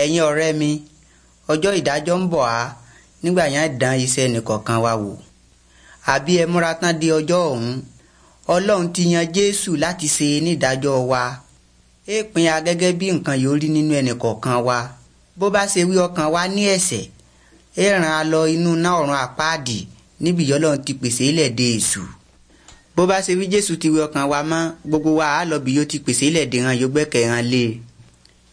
ẹ̀yin ọ̀rẹ́ mi ọjọ́ ìdájọ́ ń bọ̀ á nígbà yẹn dán iṣẹ́ nìkọ̀ọ̀kan wa wò àbí ẹ múra tán di ọjọ́ ọ̀hún ọlọ́run ti yan jésù láti ṣe nídàájọ́ wa èèpin a gẹ́gẹ́ bí nǹkan yóò rí nínú ẹnìkọ̀ọ̀kan wa bó bá ṣe wí ọkàn wa ní ẹ̀ṣẹ̀ ẹ ràn á lọ inú náà ọ̀run àpáàdì níbi ìyọ́lọ́run ti pèsè ilẹ̀ èṣù bó bá ṣe wí jésù ti wí ọkàn wa mọ́ gbogbo wa á lọ bí yóò ti pèsè ilẹ̀ hàn yóò gbẹ́kẹ̀ hàn lé e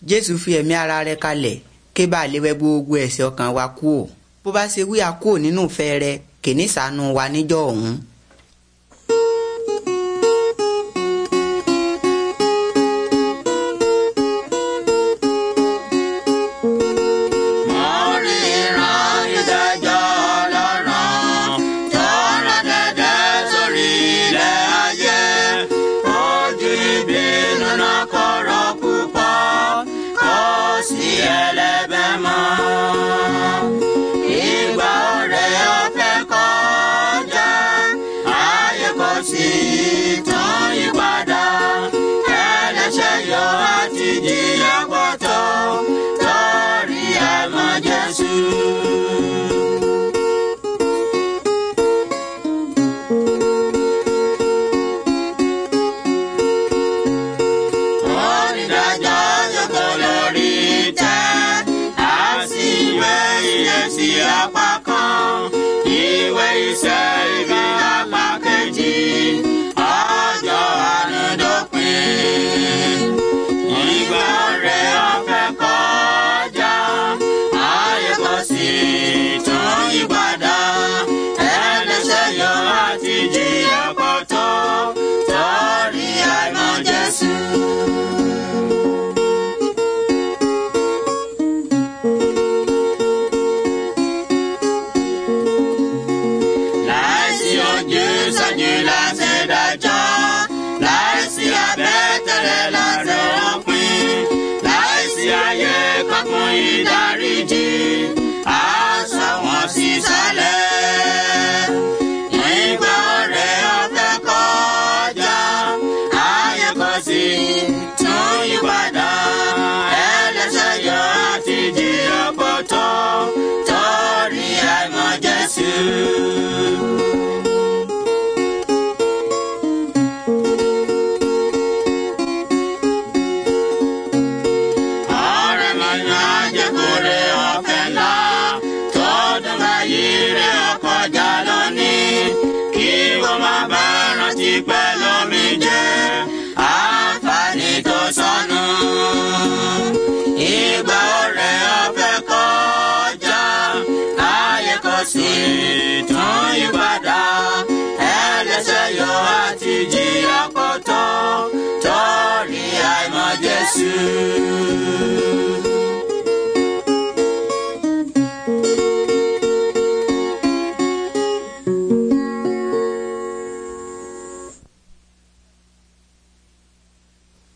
jésù fi ẹ̀mí ara rẹ̀ kalẹ̀ ké bá lè wẹ gbogbo ẹ̀ṣẹ̀ ọkàn wa kúò bó bá ṣe wí kúò nínú ìfẹ́ rẹ̀ kè ní ṣàánú wa níjọ́ ọ̀hún 是。